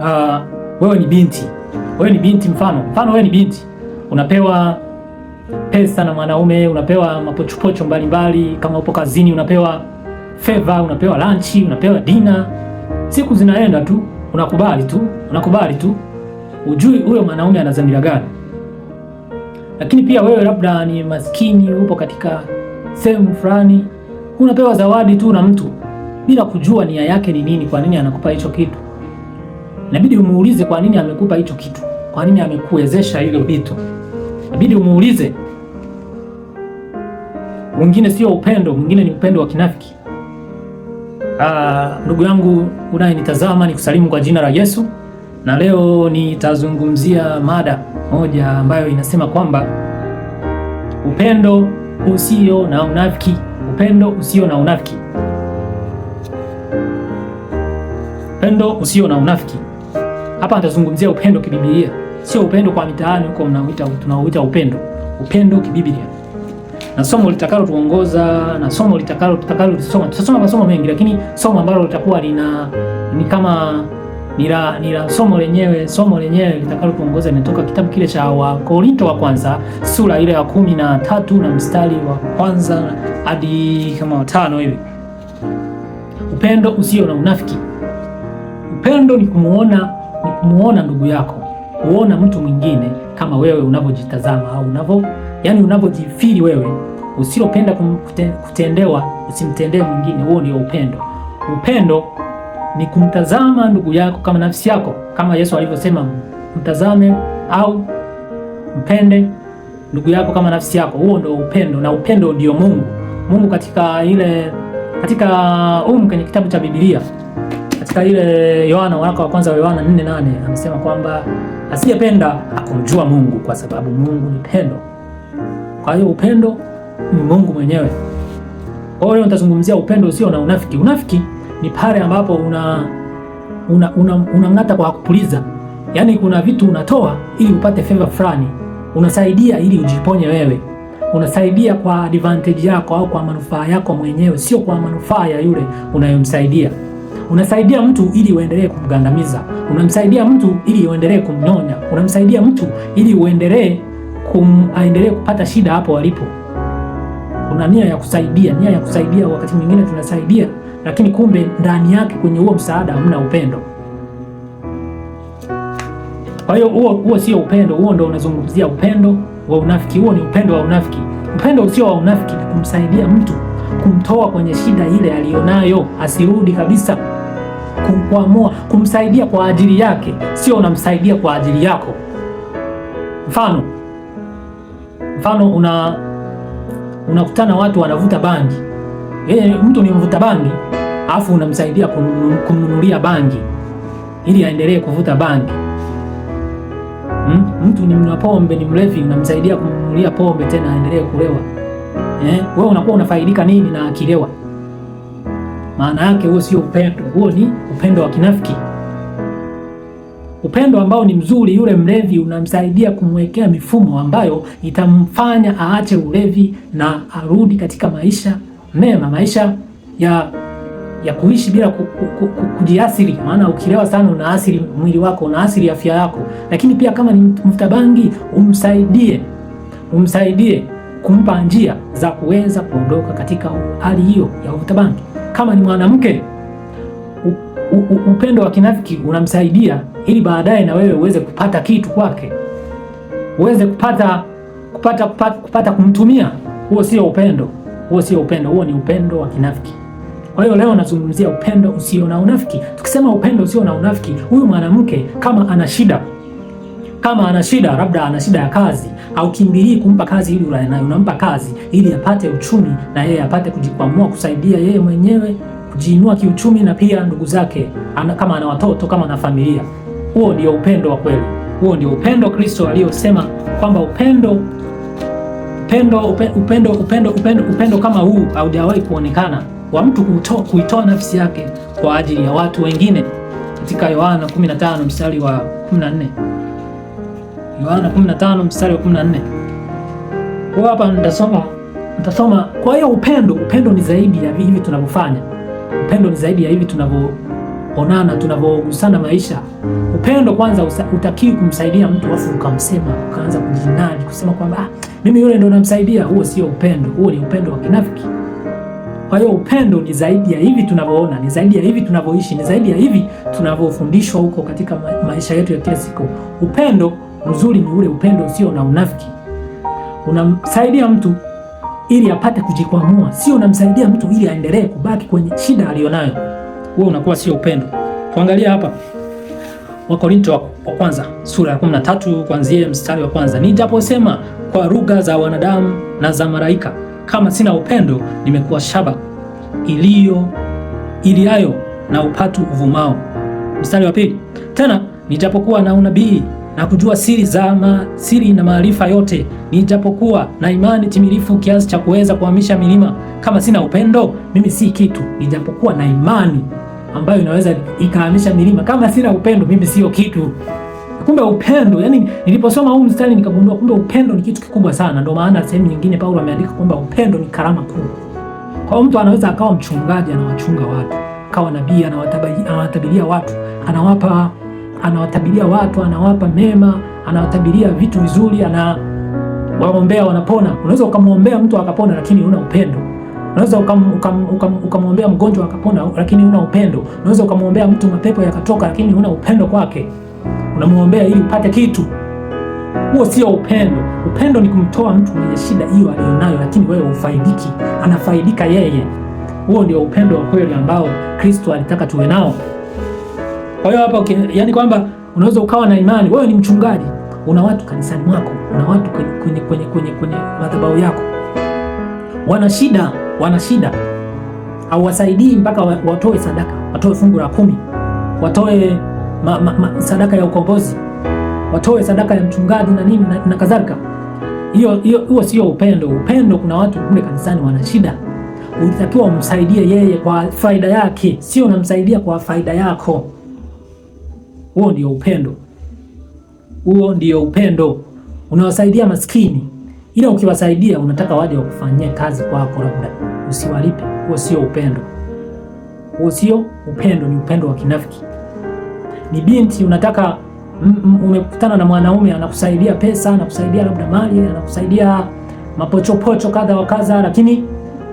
uh, wewe ni binti, wewe ni binti, mfano mfano, wewe ni binti unapewa pesa na mwanaume, unapewa mapochopocho mbalimbali, kama upo kazini unapewa favor, unapewa lunch, unapewa dinner. Siku zinaenda tu, unakubali tu, unakubali tu, ujui huyo mwanaume ana dhamira gani. Lakini pia wewe labda ni maskini, upo katika sehemu fulani, unapewa zawadi tu na mtu bila kujua nia yake ni nini, kwa nini anakupa hicho kitu inabidi umuulize kwa nini amekupa hicho kitu, kwa nini amekuwezesha hilo vitu, inabidi umuulize. Mwingine sio upendo, mwingine ni upendo wa kinafiki. Ah, ndugu yangu unayenitazama, nikusalimu kwa jina la Yesu, na leo nitazungumzia mada moja ambayo inasema kwamba upendo usio na unafiki, upendo usio na unafiki, upendo usio na unafiki. Hapa natazungumzia upendo kibiblia, sio upendo kwa mitaani huko mnaoita tunaoita upendo, upendo kibiblia. Na somo litakalo tuongoza na somo litakalo tutakalo tusoma, tutasoma masomo mengi, lakini somo ambalo litakuwa lina ni kama nila, nila somo lenyewe somo lenyewe litakalo tuongoza linatoka kitabu kile cha Wakorinto wa kwanza sura ile ya kumi na tatu na mstari wa kwanza hadi kama watano hivi. Upendo usio na unafiki. Upendo ni kumuona ni kumuona ndugu yako, kuona mtu mwingine kama wewe unavyojitazama au unavyo, yani unavyojifiri wewe. Usilopenda kutendewa usimtendee mwingine, huo ndio upendo. Upendo ni kumtazama ndugu yako kama nafsi yako, kama Yesu alivyosema, mtazame au mpende ndugu yako kama nafsi yako. Huo ndio upendo, na upendo ndio Mungu. Mungu katika ile katika um kwenye kitabu cha Biblia katika ile Yohana waraka wa kwanza wa Yohana 4:8 anasema kwamba asiyependa akumjua Mungu kwa sababu Mungu ni pendo. Kwa hiyo upendo ni Mungu mwenyewe. Kwa hiyo nitazungumzia upendo usio na unafiki. Unafiki ni pale ambapo una unang'ata una, una kwa kupuliza, yaani kuna vitu unatoa ili upate favor fulani, unasaidia ili ujiponye wewe, unasaidia kwa advantage yako au kwa manufaa yako mwenyewe, sio kwa manufaa ya yule unayomsaidia. Unasaidia mtu ili uendelee kumgandamiza, unamsaidia mtu ili uendelee kumnyonya, unamsaidia mtu ili uendelee kum, aendelee kupata shida hapo alipo. Una nia ya kusaidia, nia ya kusaidia. Wakati mwingine tunasaidia, lakini kumbe ndani yake kwenye huo msaada hamna upendo. Kwa hiyo huo huo sio upendo, huo ndo unazungumzia upendo wa unafiki. Huo ni upendo wa unafiki. Upendo usio wa unafiki ni kumsaidia mtu kumtoa kwenye shida ile aliyonayo, asirudi kabisa kumkwamua, kumsaidia kwa ajili yake, sio unamsaidia kwa ajili yako. Mfano, mfano una unakutana watu wanavuta bangi, e, mtu ni mvuta bangi, afu unamsaidia kumnunulia bangi ili aendelee kuvuta bangi. Hmm? Mtu ni mna pombe, ni mlevi, unamsaidia kumnunulia pombe tena aendelee kulewa. Eh, wewe unakuwa unafaidika nini na akilewa? Maana yake huo sio upendo, huo ni upendo wa kinafiki, upendo ambao ni mzuri. Yule mlevi unamsaidia kumwekea mifumo ambayo itamfanya aache ulevi na arudi katika maisha mema, maisha ya ya kuishi bila kujiathiri. Maana ukilewa sana unaathiri mwili wako, unaathiri afya yako. Lakini pia kama ni mvuta bangi, umsaidie, umsaidie kumpa njia za kuweza kuondoka katika hali hiyo ya uvuta bangi kama ni mwanamke, upendo wa kinafiki unamsaidia ili baadaye na wewe uweze kupata kitu kwake, uweze kupata kupata kupata, kupata kumtumia. Huo sio upendo, huo sio upendo, huo ni upendo wa kinafiki. Kwa hiyo leo nazungumzia upendo usio na unafiki. Tukisema upendo usio na unafiki, huyu mwanamke kama ana shida kama ana shida, labda ana shida ya kazi, haukimbilii kumpa kazi ili unampa kazi ili apate uchumi na yeye apate kujikwamua, kusaidia yeye mwenyewe kujiinua kiuchumi na pia ndugu zake, ana, kama ana watoto, kama ana familia. Huo ndio upendo wa kweli, huo ndio upendo Kristo aliyosema kwamba upendo upendo upendo upendo upendo upendo kama huu haujawahi kuonekana wa mtu kuitoa nafsi yake kwa ajili ya watu wengine, katika Yohana 15 mstari wa 14. Yohana 15 mstari wa 14. Kwa hapa nitasoma nitasoma. Kwa hiyo upendo, upendo ni zaidi ya hivi tunavyofanya. Upendo ni zaidi ya hivi tunavyoonana, tunavyogusana maisha. Upendo kwanza, utakii kumsaidia mtu afu ukamsema, ukaanza kujinadi kusema kwamba ah, mimi yule ndo namsaidia. Huo sio upendo, huo ni upendo wa kinafiki. Kwa hiyo upendo ni zaidi ya hivi tunavyoona, ni zaidi ya hivi tunavyoishi, ni zaidi ya hivi tunavyofundishwa huko katika maisha yetu ya kila siku. Upendo Uzuri ni ule upendo usio na unafiki. Unamsaidia mtu ili apate kujikwamua, sio unamsaidia mtu ili aendelee kubaki kwenye shida aliyonayo. Wewe unakuwa sio upendo. Tuangalie hapa Wakorinto wa kwanza sura ya 13 kuanzia mstari wa kwanza. Nijaposema kwa lugha za wanadamu na za malaika, kama sina upendo, nimekuwa shaba iliyo iliayo na upatu uvumao. Mstari wa pili, tena nijapokuwa na unabii na kujua siri za ma, siri na maarifa yote, nijapokuwa na imani timilifu kiasi cha kuweza kuhamisha milima, kama sina upendo mimi si kitu. Nijapokuwa na imani ambayo inaweza ikahamisha milima, kama sina upendo mimi sio kitu. Kumbe upendo, yani niliposoma huu mstari nikagundua kumbe upendo ni kitu kikubwa sana. Ndio maana sehemu nyingine Paulo ameandika kwamba upendo ni karama kuu. Kwa mtu anaweza akawa mchungaji, anawachunga watu, akawa nabii, anawatabiria watu, anawapa anawatabiria watu, anawapa mema, anawatabiria vitu vizuri, waombea wanapona. Unaweza ukamwombea mtu akapona, lakini una upendo. Unaweza ukamwombea mgonjwa akapona, lakini una upendo. Unaweza ukamwombea mtu mapepo yakatoka, lakini una upendo kwake. Unamwombea ili upate kitu. Huo sio upendo. Upendo ni kumtoa mtu mwenye shida hiyo aliyonayo, lakini wewe ufaidiki, anafaidika yeye. Huo ndio upendo wa kweli ambao Kristo alitaka tuwe nao. Kwa hiyo hapa yani kwamba unaweza ukawa na imani wewe ni mchungaji, una watu kanisani mwako, una watu kwenye kwenye kwenye kwenye madhabahu yako, wana shida, wana shida, hauwasaidii mpaka watoe sadaka, watoe fungu la kumi, watoe ma, ma, ma, sadaka ya ukombozi, watoe sadaka ya mchungaji na nini na, na kadhalika. Hiyo hiyo huo sio upendo. Upendo, kuna watu kule kanisani wana shida, ulitakiwa umsaidie yeye kwa faida yake, sio unamsaidia kwa faida yako. Huo ndio upendo, huo ndio upendo. Unawasaidia maskini, ila ukiwasaidia unataka waje wakufanyie kazi kwako, labda usiwalipe. Huo sio upendo, huo sio upendo, ni upendo wa kinafiki. Ni binti unataka umekutana na mwanaume anakusaidia pesa, anakusaidia labda mali, anakusaidia mapochopocho kadha wa kadha, lakini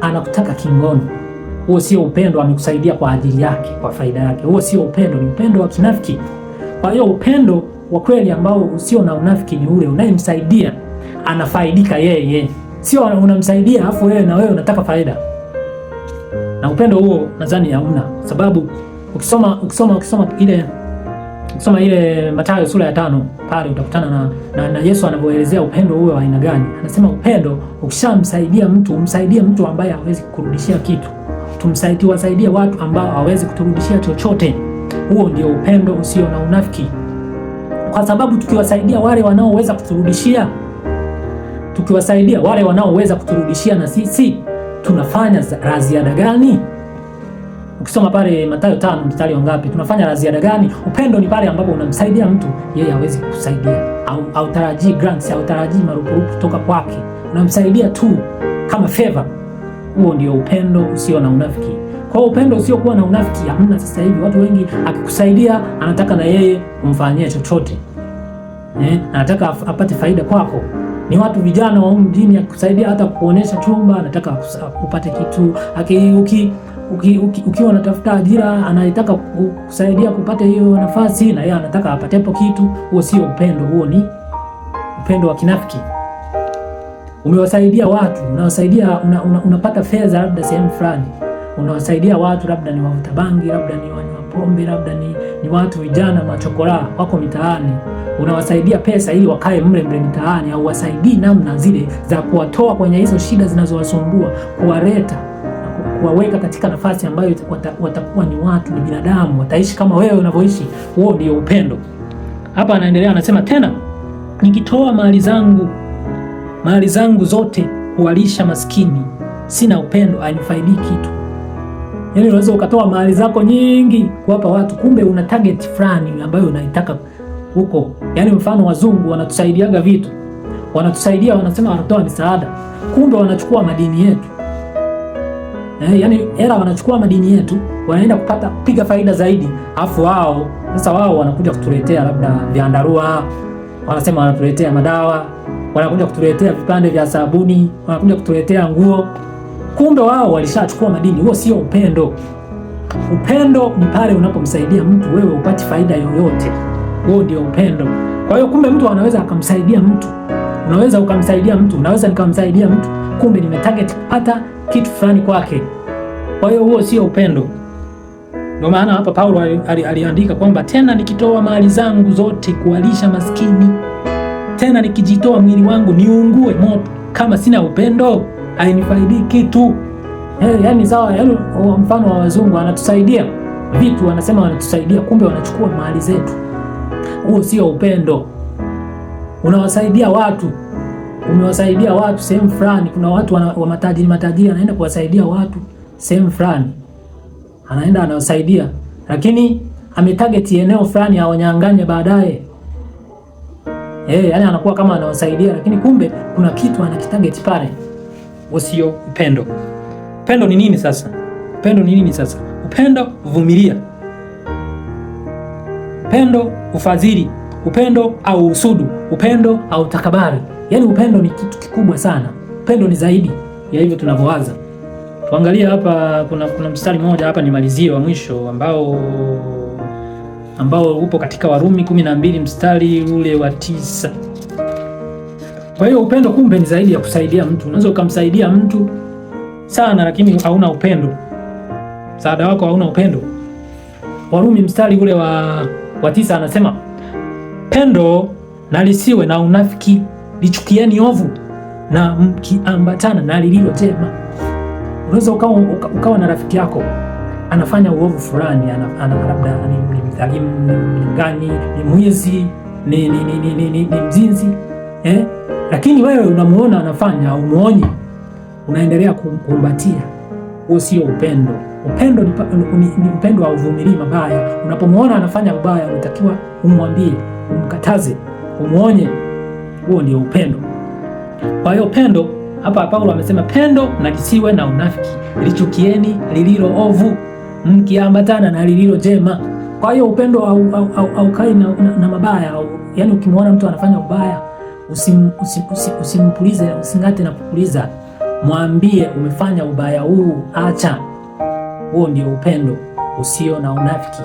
anakutaka kingono. Huo sio upendo, amekusaidia kwa ajili yake, kwa faida yake. Huo sio upendo, ni upendo wa kinafiki. Kwa hiyo upendo wa kweli ambao usio na unafiki ni ule unayemsaidia anafaidika yeye, sio unamsaidia afu wewe na wewe unataka faida. Na upendo huo nadhani hauna sababu. Ukisoma ukisoma ukisoma ile ukisoma ile Mathayo sura ya tano pale utakutana na, na, na Yesu anavyoelezea upendo huo wa aina gani. Anasema upendo, ukishamsaidia mtu umsaidie mtu ambaye hawezi kukurudishia kitu, tumsaidie wasaidie watu ambao hawezi kuturudishia chochote. Huo ndio upendo usio na unafiki, kwa sababu tukiwasaidia wale wanaoweza kuturudishia, tukiwasaidia wale wanaoweza kuturudishia, na sisi tunafanya raziada gani? Ukisoma pale Mathayo tano mstari wa ngapi, tunafanya raziada gani? Upendo ni pale ambapo unamsaidia mtu yeye hawezi kukusaidia, au autarajii grants, autarajii marupurupu kutoka kwake, unamsaidia tu kama favor. Huo ndio upendo usio na unafiki. Kwa upendo usiokuwa na unafiki hamna sasa hivi. Watu wengi akikusaidia anataka na yeye umfanyie chochote. Eh, anataka apate faida kwako. Ni watu vijana wa mjini akikusaidia hata kuonesha chumba anataka upate kitu. Aki, uki, uki, uki, ukiwa unatafuta ajira anataka kusaidia kupata hiyo nafasi na yeye anataka apatepo kitu. Huo sio upendo, huo ni upendo wa kinafiki. Umewasaidia watu, unawasaidia unapata una, una, fedha labda sehemu fulani unawasaidia watu, labda ni wavuta bangi, labda ni wanywa pombe, labda ni, ni watu vijana machokora wako mitaani, unawasaidia pesa ili wakae mle mle mitaani, au wasaidii namna zile za kuwatoa kwenye hizo shida zinazowasumbua kuwaleta kuwaweka katika nafasi ambayo watakuwa ni watu, ni binadamu, wataishi kama wewe unavyoishi. Huo ndio upendo. Hapa anaendelea anasema tena, nikitoa mali zangu mali zangu zote kuwalisha maskini, sina upendo, anifaidi kitu. Yaani unaweza ukatoa mali zako nyingi kuwapa watu, kumbe una target fulani ambayo unaitaka huko. Yaani mfano wazungu wanatusaidiaga vitu, wanatusaidia wanasema wanatoa misaada, kumbe wanachukua madini yetu eh, yaani hela wanachukua madini yetu, wanaenda kupata piga faida zaidi, afu wao sasa wao wanakuja kutuletea labda viandarua, wanasema wanatuletea madawa, wanakuja kutuletea vipande vya sabuni, wanakuja kutuletea nguo. Kumbe wao walishachukua madini. Huo sio upendo. Upendo ni pale unapomsaidia mtu wewe upati faida yoyote, huo ndio upendo. Kwa hiyo kumbe mtu anaweza akamsaidia mtu, unaweza ukamsaidia mtu, unaweza nikamsaidia mtu, kumbe nimetarget kupata kitu fulani kwake. Kwa hiyo huo sio upendo. Ndio maana hapa Paulo aliandika kwamba tena nikitoa mali zangu zote kuwalisha maskini, tena nikijitoa mwili wangu niungue moto, kama sina upendo hainifaidi kitu. Hey, eh, yani sawa, yani mfano wa wazungu wanatusaidia vitu, wanasema wanatusaidia, kumbe wanachukua mali zetu. Huo sio upendo. Unawasaidia watu, umewasaidia watu sehemu fulani. Kuna watu wana, wa matajiri matajiri, anaenda kuwasaidia watu sehemu fulani, anaenda anawasaidia, lakini ametarget eneo fulani awanyanganye baadaye. Eh, yani anakuwa kama anawasaidia, lakini kumbe kuna kitu anakitarget pale wasio upendo. Upendo ni nini sasa? Upendo ni nini sasa? Upendo uvumilia upendo ufadhili, upendo au usudu, upendo au takabari. Yaani upendo ni kitu kikubwa sana. Upendo ni zaidi ya hivyo tunavyowaza. Tuangalie hapa, kuna, kuna mstari mmoja hapa ni malizio wa mwisho ambao ambao upo katika Warumi 12 mstari ule wa tisa. Kwa hiyo upendo kumbe ni zaidi ya kusaidia mtu. Unaweza ukamsaidia mtu sana, lakini hauna upendo, msaada wako hauna upendo. Warumi mstari ule wa, wa tisa anasema pendo nalisiwe na unafiki, lichukieni ovu na mkiambatana na lililo jema. Unaweza ukawa, ukawa na rafiki yako anafanya uovu fulani, labda ni mdhalimu, ni mgani, ni mwizi, ni mzinzi eh? lakini wewe unamuona anafanya, umuonye unaendelea kumkumbatia. Huo sio upendo. Upendo ni, ni, upendo wa uvumilii mabaya. Unapomuona anafanya ubaya unatakiwa umwambie, umkataze, umuonye. Huo ndio upendo. Kwa hiyo pendo hapa Paulo amesema pendo na na unafiki, lichukieni lililo ovu, mkiambatana na lililo jema. Kwa hiyo upendo haukai au, au, au na, na, na mabaya au, yani ukimwona mtu anafanya ubaya usim, usim, usim, usimpulize usingate na kupuliza, mwambie umefanya ubaya huu, acha. Huo ndio upendo usio na unafiki.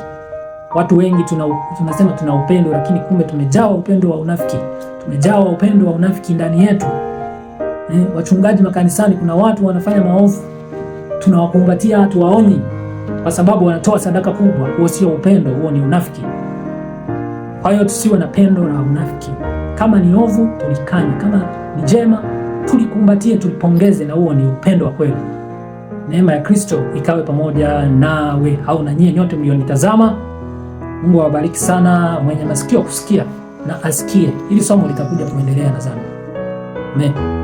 Watu wengi tuna, tunasema tuna upendo lakini kumbe tumejawa upendo wa unafiki, tumejawa upendo wa unafiki ndani yetu. Eh, wachungaji makanisani, kuna watu wanafanya maovu, tunawakumbatia hatuwaoni kwa sababu wanatoa sadaka kubwa. Huo sio upendo, huo ni unafiki. Kwa hiyo tusiwe na pendo la unafiki. Kama ni ovu tulikanywe kama ni jema tulikumbatie, tulipongeze, na huo ni upendo wa kweli. Neema ya Kristo ikawe pamoja nawe au na nyie nyote mlionitazama. Mungu awabariki sana. Mwenye masikio kusikia na asikie. Hili somo litakuja kuendelea nadhani. Amen.